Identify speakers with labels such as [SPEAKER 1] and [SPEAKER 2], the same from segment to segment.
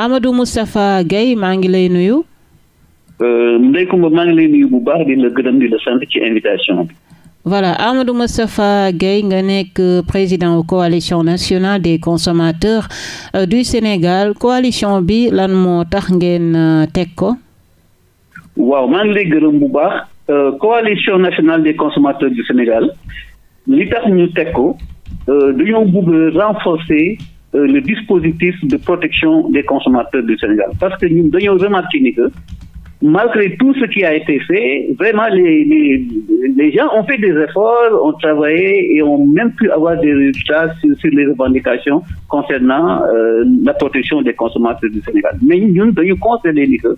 [SPEAKER 1] Amadou Moustapha Gueye maa ngi lay nuyu.
[SPEAKER 2] Euh, Ndeye Comba maa ngi lay nuyu bu baax di la gërëm di la ci invitation bi.
[SPEAKER 1] voilà Amadou Moustapha Gueye nga nekk président coalition nationale des consommateurs euh, du Sénégal coalition bi lan moo tax ngeen euh, teg ko.
[SPEAKER 2] waaw maa ngi lay gërëm bu baax. coalition nationale des consommateurs du Sénégal li tax ñu teg ko dañoo bëgg renforcer. Euh, le dispositif de protection des consommateurs du Sénégal parce que ñun dañoo remarqué ni que malgré tout ce qui a été fait vraiment les les les gens ont fait des efforts ont travaillé et ont même pu avoir des résultats sur, les revendications concernant euh, la protection des consommateurs du Sénégal mais ñun dañu conseiller ni que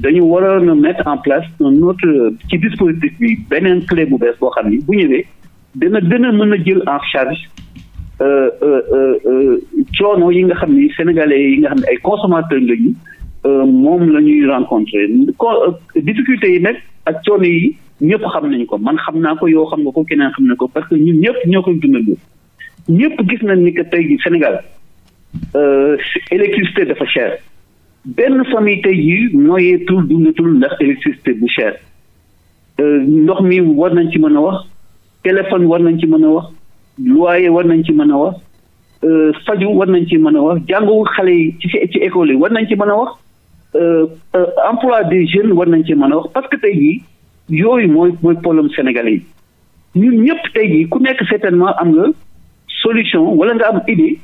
[SPEAKER 2] dañu waroon a mettre en place un autre ci dispositif bi beneen clé bu bees boo xam ni bu ñëwee dana dana mën a jël en charge Euh, euh, euh, coono yi nga xam ne sénégalais yi nga xam ne ay consommateurs lañu moom la ñuy rencontrer difficulté yi nag ak coono yi ñëpp xam nañu ko man xam naa ko yoo xam nga ko keneen xam na ko parce que ñun ñëpp ñoo koy dundal ñëpp gis nañ ni que tey jii Sénégal électricité dafa cher benn famille tey jii noyeetul dundatul ndax électricité bu cher ndox mi war nañ ci mën a wax téléphone war nañ ci mën a wax. loyer war nañ ci mën a wax euh, faju war nañ ci mën a wax jàngu xale yi ci ci école yi war nañ ci mën a wax euh, euh, emploi des jeunes war nañ ci mën a wax parce que tey jii yooyu mooy mooy problème sénégal yi ñun ñëpp tey jii ku nekk certainement am nga solution wala nga am idée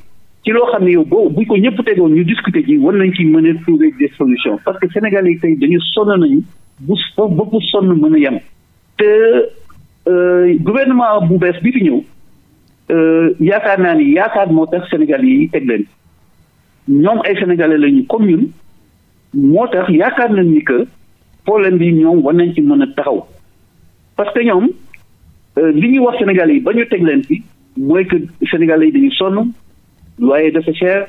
[SPEAKER 2] ci loo xam ne yow boo buñ ko ñëpp tegoon ñu discuter ji war nañ ci mën a trouver des solutions parce que sénégalais yi tey dañu sonn nañu bu ba bu sonn mën a yem te gouvernement bu bees bi fi ñëw Euh, yaakaar naa ni yaakaar moo tax Sénégal yi teg leen ñoom ay sénégalais lañu comme ñun moo tax yaakaar nañ ni que pooleen bi ñoom war nañ ci mën a taxaw parce que ñoom euh, li ñuy wax sénégalais yi ba ñu teg leen fi mooy que sénégalais yi dañu sonn loyer dafa cher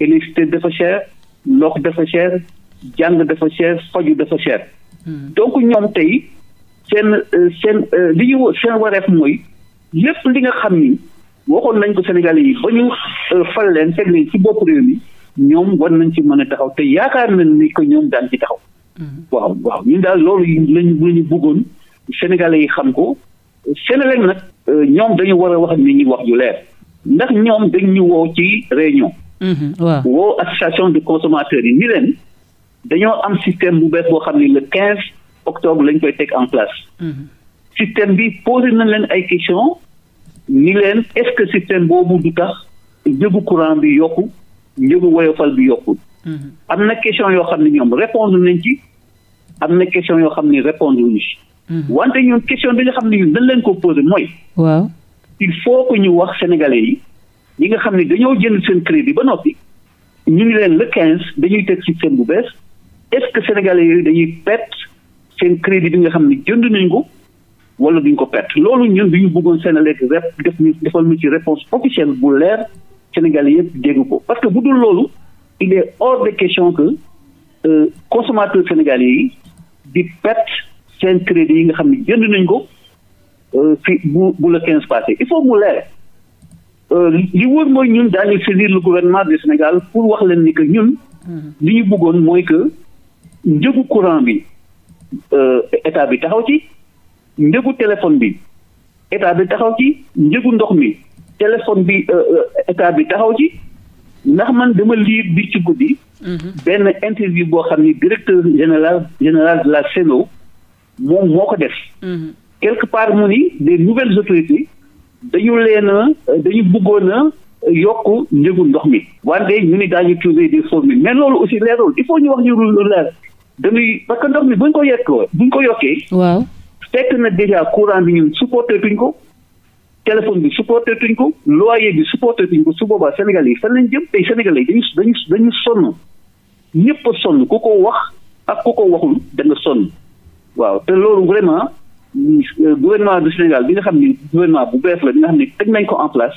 [SPEAKER 2] électricité dafa cher ndox dafa cher jàng dafa cher faju dafa cher. Hmm. donc ñoom tey seen euh, seen li ñu seen wareef mooy lépp li nga xam ni. waxoon nañ ko Sénégalais yi ba ñu euh, fal leen teg leen ci bopp réew mi ñoom war nañ ci mën a taxaw te yaakaar nañ ni ñoom daan ci taxaw. Mm-hmm. waaw waaw ñun daal loolu lañu ñu buggoon Sénégalais yi xam ko Sénégal nag euh, ñoom dañu war a wax ak nit ñi wax ju leer ndax ñoom dañ ñu woo ci réunion.
[SPEAKER 1] Mm-hmm. waaw
[SPEAKER 2] woo association de consommateurs yi ni leen dañoo am système bu bees boo xam ne le quinze octobre lañ koy teg en place. Mm-hmm. système bi posé nañ leen ay questions. ni leen est-ce que système boobu du tax njëgu courant bi yokku njëgu woyofal bi yokku mm-hmm. am na question yoo xam ne ñoom répondre nañ ci am na question yoo xam ne répondre wuñu mm-hmm. wante ñoom question bi xam ne ñun dañ leen ko posé mooy waaw il faut que ñu wax sénégalais yi ñi nga xam ne dañoo jënd seen crédit ba noppi ñu ngi leen le quinze dañuy teg système bu bees est-ce que sénégalais yooyu dañuy perte seen crédit bi nga xam ne jënd nañ ko wala duñ ko perte loolu ñun du ñu bëggoon lekk rep def ñu defal ñu ci réponse officielle bu leer Sénégal yëpp dégg ko parce que bu dul loolu il est hors de question que euh, consomateur sénégal yi di perte seen crédit yi nga xam ni jënd nañ ko euh, fi bu bu la quinze passé il faut mu leer euh, li wóor mooy ñun daañu saisir le gouvernement du Sénégal pour wax leen ni que ñun li ñu bëggoon mooy que njëgu courant bi état bi taxaw ci njëgu téléphone bi état bi taxaw ci njëgu ndox mi téléphone bi euh, euh, état bi taxaw ci ndax man dama liir bi ci guddi. Mhm. benn interview boo xam ni directeur général général de la CNO moom moo ko def. Mhm. quelque part mu ni des nouvelles autorités dañu leen a dañu bëggoon a yokk njëgu ndox mi. wante ñu ni daañu trouver des formules mais loolu aussi leerul il faut ñu wax ñu lu leer dañuy parce que ndox mi buñ ko yekkoo buñ ko yokkee. waaw fekk na déjà courant bi ñun supporté tuñ ko téléphone bi supporté tuñ ko loyer bi supporté tuñ ko su boobaa Sénégal yi fan lañ jëm tey Sénégal yi dañu dañu dañu sonn ñëpp a sonn ku ko wax ak ku ko waxul da nga sonn waaw te loolu vraiment euh, gouvernement de Sénégal bi nga xam ni gouvernement bu bees la bi nga xam ne teg nañ ko en place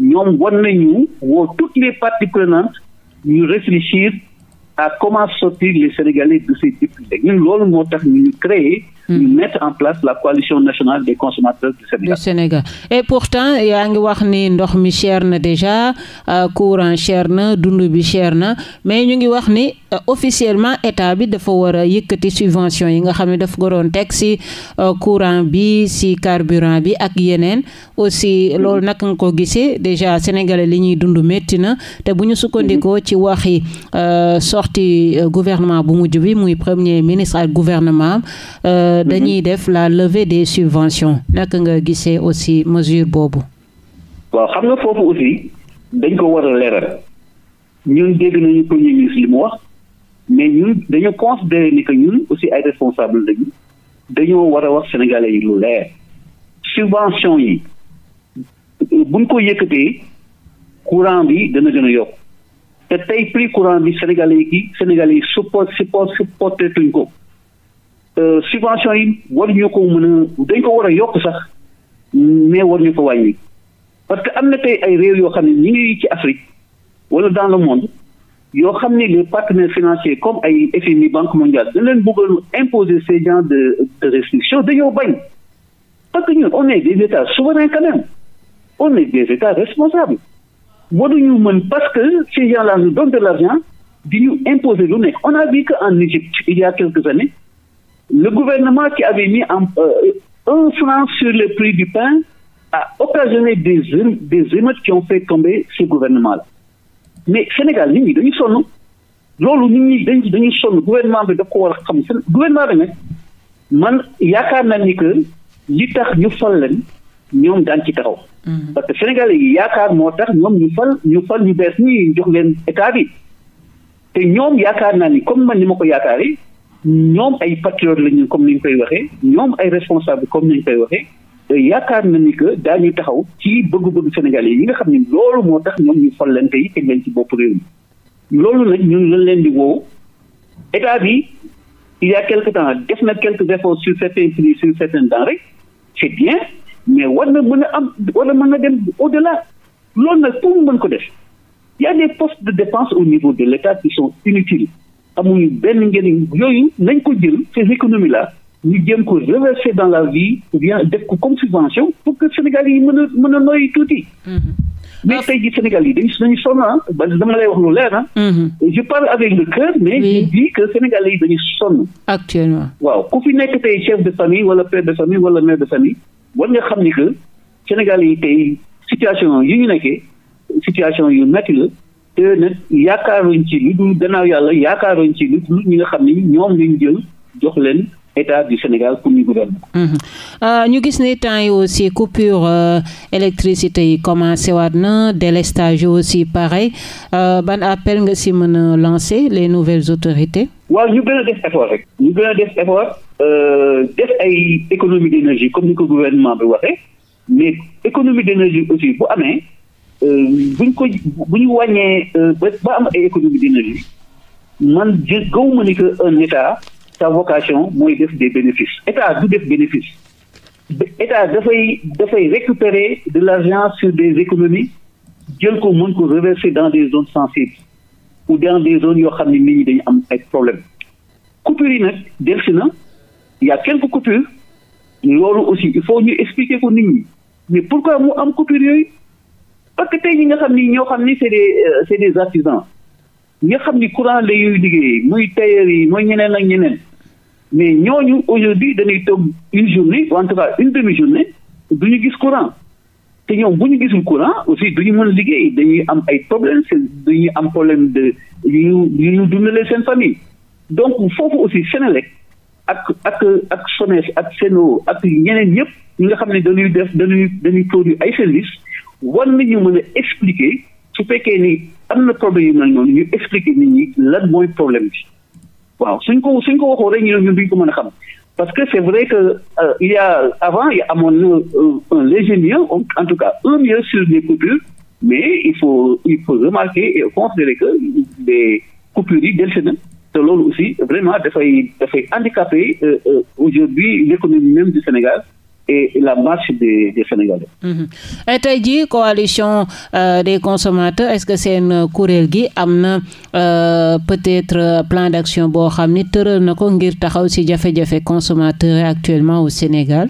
[SPEAKER 2] ñoom war nañu woo toutes les parties prenantes ñu réfléchir à comment sortir les Sénégalais de ces difficultés ñun loolu moo tax ñu créer Hmm. ñu en place la coalition nationale des consommateurs du
[SPEAKER 1] Sénégal. du pourtant yaa ngi wax ni ndox mi cher na déjà euh, courant cher na dund bi cher na mais ñu ngi wax ni. Euh, officiellement état bi dafa war a yëkkati subvention yi nga xam ne daf ko doon teg si euh, courant bi si carburant bi ak yeneen aussi loolu naka nga ko gisee déjà sénégalais li ñuy dund métti na te bu ñu sukkandikoo ci waxi euh, sorti gouvernement bu mujj bi muy premier ministre ak gouvernement mhm. dañuy def la levée des subventions naka nga gisee aussi mesure boobu
[SPEAKER 2] waaw xam nga foofu aussi dañ ko war a leeral ñun dégg nañu premier ministre wax mais ñun dañu considérer ni que ñun aussi ay responsable lañu dañoo war a wax sénégalais yi lu leer subvention yi buñ ko yëkkatee courant bi dana gën a yokk te tey pris courant bi sénégalais yi sénégalais yi support support supporté tuñ ko euh, subvention yi waruñu ko mën a dañ ko war a yokk sax mais war ñu ko wàññi parce que am na tey ay réew yoo xam ne ñu ngi ci Afrique wala dans le monde yoo xam ne les financier comme ay FMI Banque mondiale dañ leen bëggoon imposer ces genre de de restrictions dañoo bañ parce que ñun on est des états souverains quand même on est des états responsables waruñu mën parce que ces gens là nous donnent de l'argent di ñu imposer lu nekk on a vu que en Égypte il y a quelques années le gouvernement qui avait mis en euh, un franc sur le prix du pain a occasionné des des émeutes qui ont fait tomber ce gouvernement mais Sénégal nit ñi dañuy sonn loolu nit ñi dañ dañuy sonn gouvernement bi daf ko war a xam gouvernement bi nag man yaakaar naa ni que li tax ñu fal leen ñoom daan ci taxaw. Mm-hmm. parce que Sénégalais yi yaakaar moo tax ñoom ñu fal ñu fal ñu bees ñi jox leen état bi te ñoom yaakaar naa ni comme man ni ma ko yaakaaree ñoom ay patriotes lañu comme ni ñu koy waxee ñoom ay responsables comme ni ñu koy waxee. yaakaar na ni que daañu taxaw ci bëgg-bëgg Sénégalais yi nga xam ne loolu moo tax ñoom ñu follante yi teg leen ci bopp réew mi loolu nag ñun la leen di woow état bi il y a quelque temps def na quelques efforts sur certains prix sur certaines denrées c'est bien mais war na mën a am war na mën a dem au-delà loolu nag pour mu mën ko def y a des postes de au niveau de l'État qui sont inutiles amuñu benn njëriñ yooyu nañ ko jël ces économies là ñu jéem ko reverser dans la vie ou bien def ko comme subvention pour que Sénégal yi mën a mën a noyyi tuuti.
[SPEAKER 1] Mm-hmm.
[SPEAKER 2] mais tey jii Sénégal yi dañu dañu sonn ah dama lay wax lu leer ah. Mm-hmm. je parle avec le yi dañu sonn.
[SPEAKER 1] actuellement
[SPEAKER 2] waaw ku fi nekk tey chef de famille wala père de famille wala mère de famille war nga xam ni que Sénégal yi tey situation yi ñu nekkee situation yu métti la te nag yaakaaruñ ci lu dul gannaaw yàlla yaakaaruñ ci ñi nga xam ni ñoom lañu jël. jox leen état du Sénégal pour ñu gouverner.
[SPEAKER 1] Mhm. Euh, ñu gis ne temps yo aussi coupure euh, électricité yi commencé waat na délestage aussi pareil euh, ban appel nga si mën a lancer les nouvelles autorités.
[SPEAKER 2] waaw ñu gën a def effort rek. ñu gën a def effort. Euh, def ay économie d'énergie comme ni ko gouvernement bi waxee mais économie d'énergie aussi bu amee euh, buñ ko bu ñu wàññee ba am ay économie d'énergie man jë gëw ma état. sa vocation mooy def des bénéfices état du def bénéfice état dafay dafay récupérer de l'argent sur des économies jël ko mën ko reverser dans des zones sensibles ou dans des zones yoo xam ne nit ñi dañu am ay problème coupures yi nag delsi na y a quelques coupures loolu aussi il faut ñu expliquer ko nit ñi mais pourquoi mu am coupures yooyu parce que tey ñi nga xam ni ñoo xam ni c'est des euh, c'est artisans nga xam ni courant la yuy liggéey muy tailleur yi mooy ñeneen ak ñeneen mais ñooñu aujourd'hui dañuy toog une journée ou en tout cas une demi-journée du ñu gis courant te ñoom bu ñu gisul courant aussi du ñu mën liggéey dañuy am ay problèmes du ñu am problème de yu ñu yu ñu dundalee seen famille donc foofu aussi Senelec ak ak ak SONES ak Sen'Eau ak ñeneen yëpp ñi nga xam ne dañuy def dañuy dañuy produire ay services war nañu mën a expliquer su fekkee ni am na problème yu mel noonu ñu expliquer nit ñi lan mooy problème bi. waaw suñ ko suñ ko waxoo rek ñu ñun duñ ko mën a xam parce que c'est vrai que euh, il y a avant il y a amoon euh, un, un léger mieux en tout cas un mieux sur les coupures mais il faut il faut remarquer et considérer que les coupures yi dellusi na te loolu aussi vraiment dafay dafay handicapé euh, euh, aujourd'hui l'économie même du Sénégal et la marche des, des Sénégalais.
[SPEAKER 1] Mhm. coalition euh, des consommateurs est-ce que seen kuréel gi am na euh, peut-être plan d'action boo xam ni tëral na ko ngir taxaw si jafe-jafe consommateurs actuellement au Sénégal.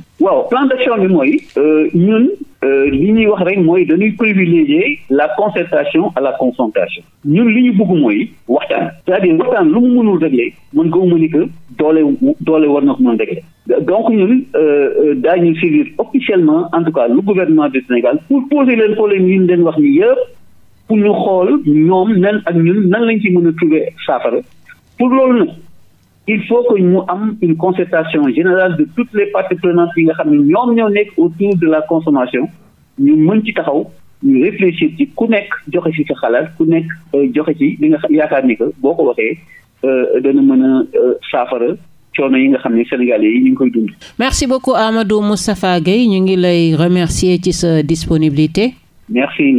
[SPEAKER 2] plan d'action bi mooy euh, ñun. Euh, li ñuy wax rek mooy dañuy privilégier la concertation à la confrontation ñun li ñu bugg mooy waxtaan c'est-à-dire waxtaan lu mu mënul régler mën ko mu ni que doole doole war na ko mën régler donc ñun euh, euh, daañu suivre officiellement en tout cas lu gouvernement de Sénégal pour poser leen problème yi ñu leen wax nii yëpp pour ñu xool ñoom nan ak ñun nan lañ ci mën a trouver saafara pour loolu nag il faut que ñu am une concertation générale de toutes les parties prenantes yi nga xam ne ñoom ñoo nekk autour de la consommation ñu mën ci taxaw ñu réfléchir ci ku nekk joxe ci sa xalaat ku nekk euh, joxe ci li nga yaakaar ni que boo ko waxee euh, dana mën a euh, saafara coono yi nga xam ne sénégalais yi ñu ngi koy dund.
[SPEAKER 1] merci beaucoup Amadou Moustapha Gueye ñu ngi lay remercier ci sa disponibilité. merci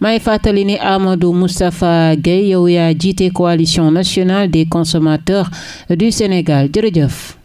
[SPEAKER 1] Ndeye fàttali ni Amadou Moustapha Guèye yow yaa jiite coalition nationale des consommateurs du Sénégal jërëjëf.